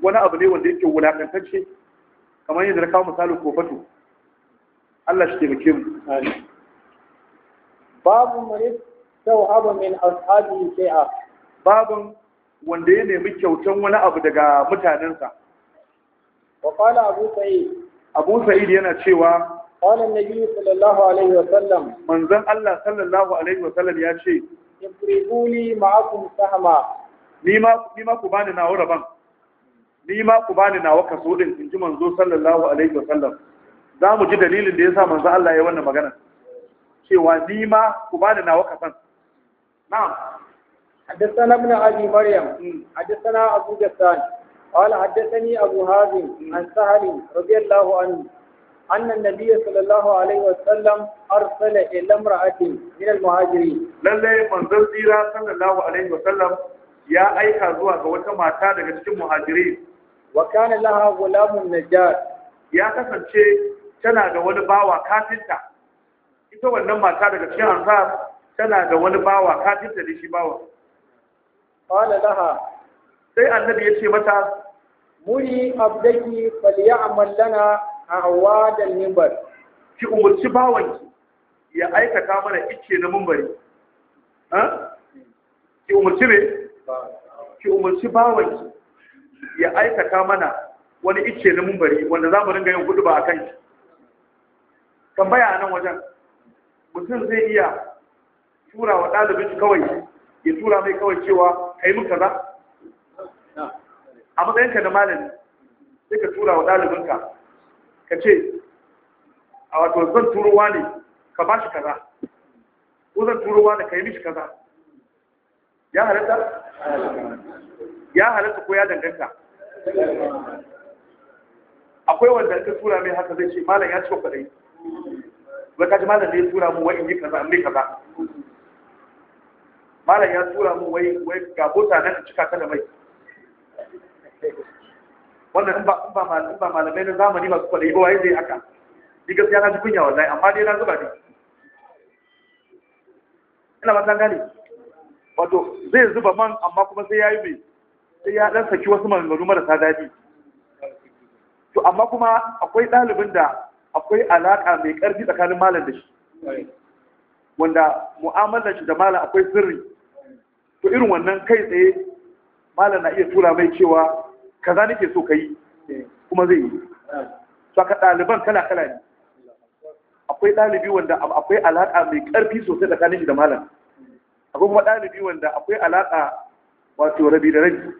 wani abu ne wanda yake wulaƙantacce kamar yadda na kawo misalin kofato Allah shi taimake mu babu marid sau abu min sai a babu wanda ya nemi kyautan wani abu daga mutanensa wa kwana abu sa'i abu sa'id yana cewa na yi sallallahu alaihi wa sallam manzon Allah sallallahu alaihi wa sallam ya ce ibribuni ma'akum sahma ni ma ni ma ku bani na raban ni ma ku bani nawa kaso din in ji manzo sallallahu alaihi wasallam za mu ji dalilin da yasa sa manzo Allah ya yi wannan magana cewa ni ma ku bani nawa kasan na'am حدثنا ابن ابي مريم حدثنا ابو جسان قال حدثني ابو هازم عن سهل رضي الله عنه أن النبي صلى الله عليه وسلم أرسل إلى امرأة من المهاجرين لله منزل سيرا صلى الله عليه وسلم يا أيها زوا كوتا ما تادك wa kana laha gulamun najjar ya kasance tana da wani bawa kafinta ita wannan mata daga cikin ansar tana da wani bawa kafinta da shi bawa qala laha sai annabi ya ce mata muni abdaki falyamal lana awadan minbar ki umurci bawanki ya aikata mana icce na ha ki umarci ne ki umarci bawanki ya aikata mana wani icce na mumbari wanda za mu ringa yin gudu ba a kan shi tambaya a nan wajen mutum zai iya tura wa ɗalibin kawai ya tura mai kawai cewa ka yi muka za a matsayinka na malami sai ka tura wa ɗalibinka ka ce a wato zan turowa ne ka ba shi kaza ko zan turowa ne ka yi mishi kaza ya halatta ya halatta ko ya danganta akwai wanda ka tura mai haka zai ce malam ya cika kwadai wai ji malam ne ya tura mu wai in yi kaza mai kaza malam ya tura mu wai wai ga bota nan cika ta da mai wannan in ba in ba malamai ba malamai na zamani masu kwadai ba wai zai haka ni gaskiya na ji kunya wallahi amma dai na zuba ne ina ba ta gane wato zai zuba man amma kuma sai yayi mai sai ya dan saki wasu maganganu marasa daɗi to amma kuma akwai ɗalibin da akwai alaƙa mai ƙarfi tsakanin malam da shi wanda mu'amalar shi da malam akwai sirri to irin wannan kai tsaye malam na iya tura mai cewa kaza nake so ka yi kuma zai yi To ka ɗaliban kala-kala ne akwai ɗalibi wanda akwai alaƙa mai ƙarfi sosai tsakanin shi da malam akwai kuma ɗalibi wanda akwai alaƙa wato rabi da rabi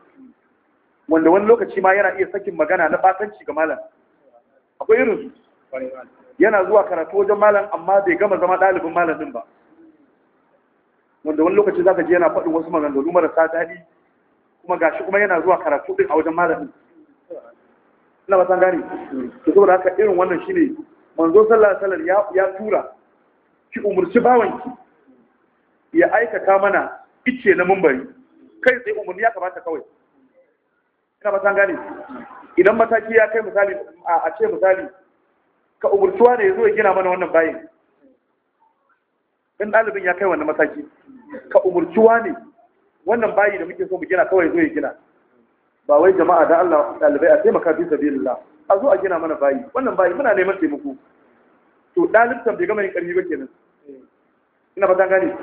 wanda wani lokaci ma yana iya sakin magana na basanci ga malam akwai irin su yana zuwa karatu wajen malam amma bai gama zama ɗalibin malam din ba wanda wani lokaci za ka ji yana faɗin wasu maganganu marasa daɗi kuma gashi kuma yana zuwa karatu din a wajen malam din ina ba san gane to saboda haka irin wannan shine manzo sallallahu alaihi wasallam ya tura ki umurci bawanki ya aikata mana icce na mumbari kai sai umarni ya kamata kawai ina ba san gane idan mataki ya kai misali a ce misali ka umurtuwa ne zo ya gina mana wannan bayan in ɗalibin ya kai wannan mataki ka umurtuwa ne wannan bayi da muke so mu gina kawai zo ya gina ba wai jama'a da Allah ɗalibai a taimaka fi sabilillah a zo a gina mana bayi wannan bayi muna neman taimako to ɗalibtan bai gama yin ƙarfi ba kenan ina ba gane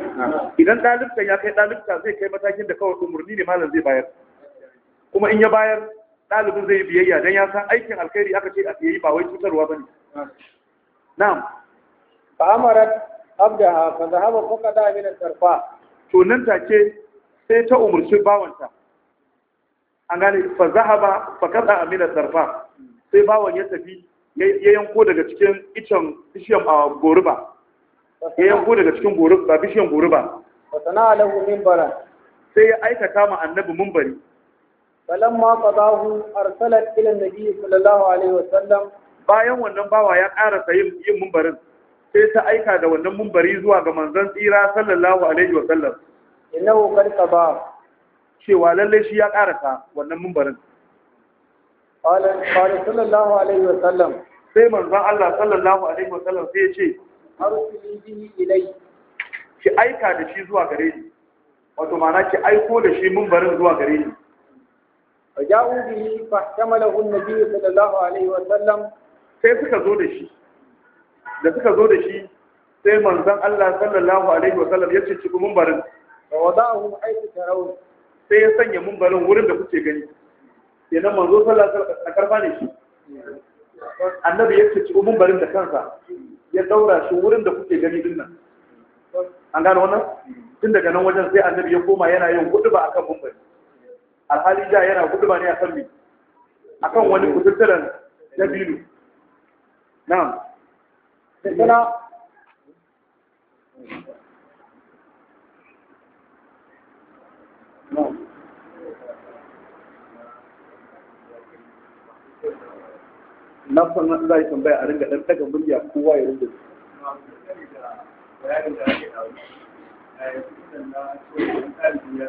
idan ɗalibtan ya kai ɗalibta zai kai matakin da kawai umarni ne malam zai bayar kuma in ya bayar ɗalibin zai biyayya don ya san aikin alkhairi aka ce a tsaye ba wai cutarwa ba ne na'am fa amarat a fa zahaba fuqada min al-tarfa to nan take sai ta umurci bawanta an gane fa zahaba fa kada min al-tarfa sai bawan ya tafi ya yanko daga cikin icen bishiyan ah, goruba ya yanko daga cikin goruba bishiyan goruba fa sana'a lahu minbara sai ya aikata ma annabi munbari قضاه qadahu الى ila صلى sallallahu عليه وسلم bayan wannan bawa ya karasa yin yin mumbarin sai ta aika da wannan mumbari zuwa ga manzon tsira sallallahu alaihi wa sallam. innahu qad qada cewa lalle shi ya karasa wannan mumbarin qala qala sallallahu alaihi sallam. sai manzon Allah sallallahu alaihi wa sallam, sai ya ce arsili bihi ilai ki aika da shi zuwa gare ni wato ma'ana ki aiko da shi mumbarin zuwa gare ni فجاءوا به فاحتمله النبي صلى الله عليه وسلم sai suka zo da shi da suka zo da shi sai manzon Allah sallallahu alaihi wa sallam ya cici mumbarin wa wada'ahu haythu tarawun sai ya sanya mumbarin wurin da kuke gani kenan manzo sallallahu alaihi wa sallam karfa ne shi annabi ya cici mumbarin da kansa ya daura shi wurin da kuke gani dinnan an gano wannan tun daga nan wajen sai annabi ya koma yana yin gudu ba akan mumbari alhali da yana guduma ne akan a akan wani kututturan dabino na'am na san za yi tambaya a ringa ɗan ɗaga murya kowa ya ringa da ake a yanzu eh, na tsohon ya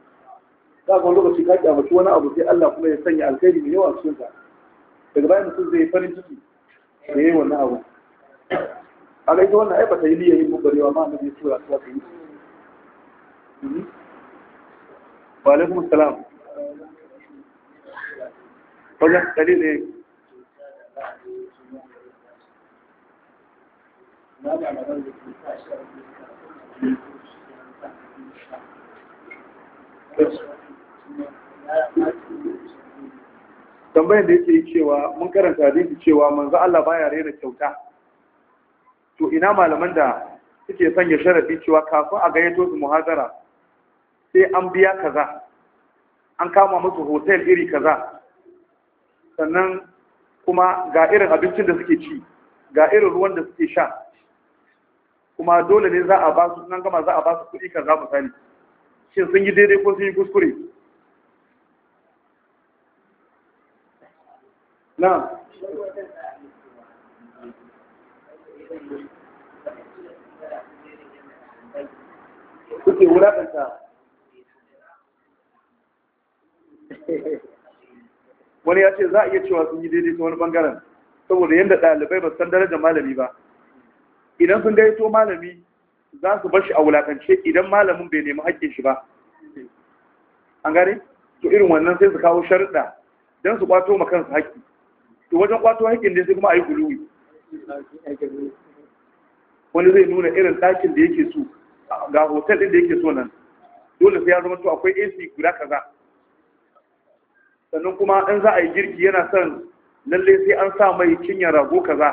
za ka lokaci ka kyamaci wani abu sai Allah kuma ya sanya alkhairi mai yawa a cikin sa daga bayan mutum zai farin ciki da yayi wannan abu a ga ita wannan ai ba ta yi niyyar yin gubarewa ma annabi ya tura ta ta yi wa alaikum assalam wajen dalil ne Thank you. tambayar da yake cewa mun karanta hadisi cewa manzo Allah baya rera kyauta to ina malaman da suke sanya sharafi cewa kafin a gayyato su muhadara sai an biya kaza an kama musu hotel iri kaza sannan kuma ga irin abincin da suke ci ga irin ruwan da suke sha kuma dole ne za a ba su nan gama za a ba su kuɗi kaza misali shin sun yi daidai ko sun yi kuskure wani ya ce za a iya cewa sun yi daidai ta wani ɓangaren saboda yadda ɗalibai ba san darajar malami ba idan sun gaito malami za su bar shi a wulakance, idan malamin bai nemi haƙƙin shi ba an gane to irin wannan sai su kawo sharuɗa don su ɓato ma kansu haƙƙi to wajen kwato haƙƙin ne sai kuma a yi guluwi wani zai nuna irin ɗakin da yake so ga hotel ɗin da yake so nan dole sai ya zama to akwai ac guda kaza sannan kuma in za a yi girki yana son lalle sai an sa mai cinyar rago kaza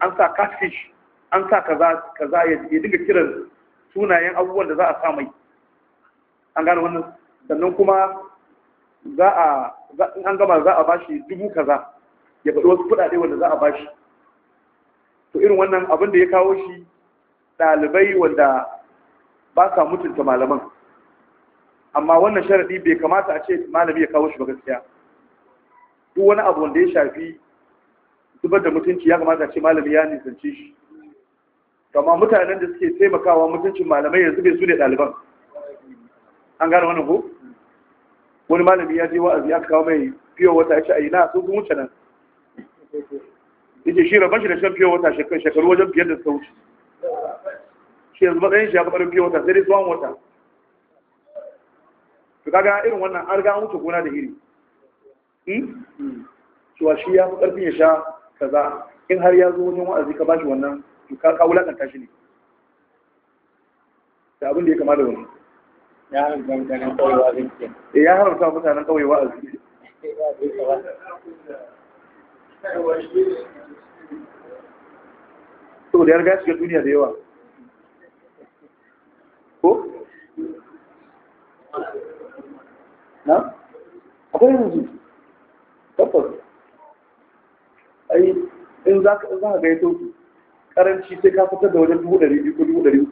an sa catfish an sa kaza kaza ya dinga kiran sunayen abubuwan da za a sa mai an gane wannan sannan kuma za a in an gama za a bashi dubu kaza ya faɗi wasu kuɗaɗe wanda za a ba shi. to irin wannan abin da ya kawo shi ɗalibai wanda ba sa mutunta malaman amma wannan sharaɗi bai kamata a ce malami ya kawo shi ba gaskiya duk wani abu wanda ya shafi zubar da mutunci ya kamata a ce malami ya nisance shi amma mutanen da suke taimakawa mutuncin malamai yanzu bai su ne ɗaliban an gane wannan ko wani malami ya je wa'azi aka kawo mai fiye wata ya ce a yi na sun wuce nan yake shi rabon shi da shan fiye wata shekaru wajen biyar da suka wuce shi yanzu matsayin shi ya faɗin fiye wata sai dai tsawon wata su kaga irin wannan an riga an wuce gona da iri hmm? cewa shi ya fi ƙarfin ya sha kaza in har ya zo wajen wa'azi ka bashi wannan to ka kawo lakanta shi ne da abin da ya kama da wani ya haramta mutanen kawai wa'azi eh, ya haramta mutanen wa'azi saboda ya riga shiga duniya da yawa ko? na? akwai yanzu tabbas ai in za ka ga ya toki karanci sai ka fitar da wajen dubu ɗari biyu ko dubu ɗari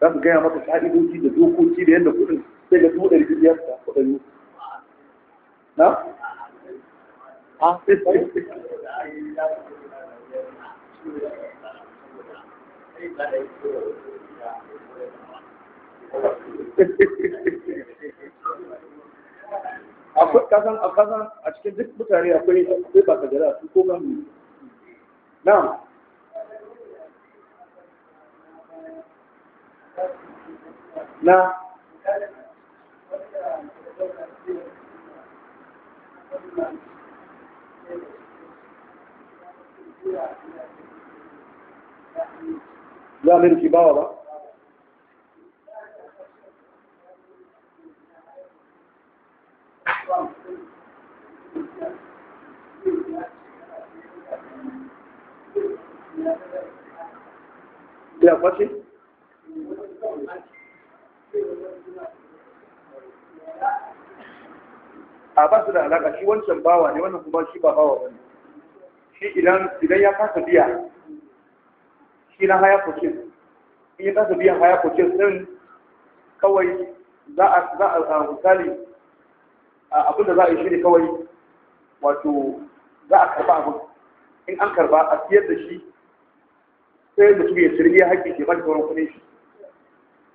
za su gaya maka ka'idoji da dokoki da yadda kudin sai ga dubu ɗari biyu ya fita kuɗari na? हाँ akwai kasan a kasan a cikin duk mutane akwai akwai ba gada su ko kan na na mai da shi ba Ya kwace? a ba su da alaƙa shi wancan bawa ne wannan kuma shi ba bawa wani shi idan ya kasa biya shi na haya kucin in ya kasa biyan haya ce sun kawai za a za a misali abin da za a yi shi kawai wato za a karba abin in an karba a siyar da shi sai mutum ya shirin ya haƙƙi ke bada sauran kuɗin shi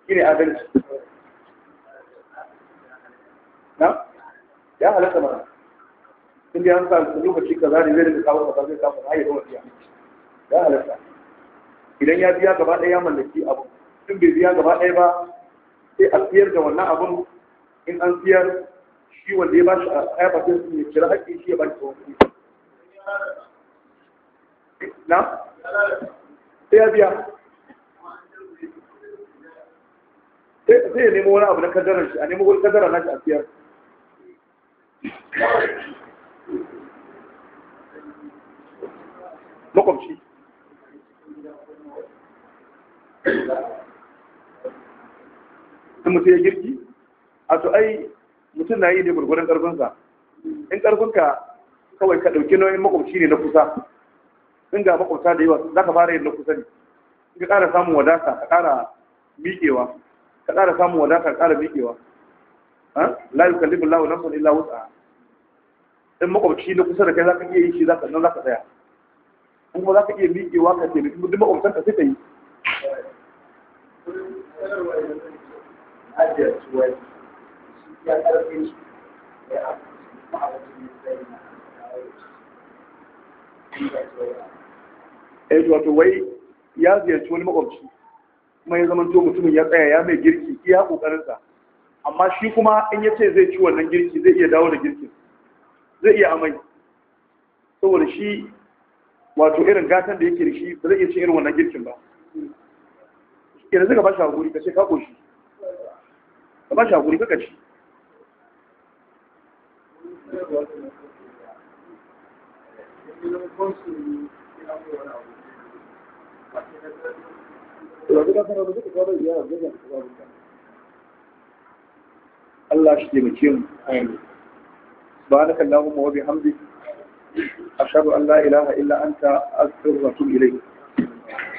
shi ne adalci na ya halatta mana sun da ya sa lokaci kaza ne zai da kawo kaza zai samu na hayyar wani ya halatta idan ya biya gaba ɗaya ya mallaki abu tun bai biya gaba ɗaya ba sai a siyar da wannan abun in an siyar shi wanda ya ba shi a ayabatin su ne cire haƙƙi shi ya ba shi tsawon na sai ya biya sai ya nemo wani abu na kadarar shi a nemo wani kadara na shi a siyar makwamci ta mutum ya girki a su ai mutum na yi ne gurgurin ƙarfinsa in ƙarfinka kawai ka ɗauki nauyin makwabci ne na kusa in ga makwabta da yawa za ka fara yin na kusa ne in ka ƙara samun wadata ka ƙara miƙewa ka ƙara samun wadata ka ƙara miƙewa la yukallifu nan nafsan illa wus'aha in makwabci na kusa da kai za ka iya yi shi za ka nan za ka tsaya kuma za ka iya miƙewa ka taimaki duk makwabtan sai ka yi eh wato wai ya ziyarci wani makwabci kuma ya zamanto mutumin ya tsaya ya mai girki iya kokarinsa amma shi kuma in ya ce zai ci wannan girki zai iya dawo da girkin zai iya amai saboda shi wato irin gatan da yake da shi ba zai iya cin irin wannan girkin ba yanzu ka bashi hakuri haƙuri ka ce ka ƙoshi ka ba shi ka ci Allah shi taimake mu. سبحانك اللهم وبحمدك أشهد أن لا إله إلا wa أستغفرك إليك